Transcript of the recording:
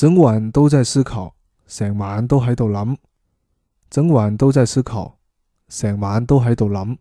整晚都在思考，成晚都喺度諗。整晚都在思考，成晚都喺度諗。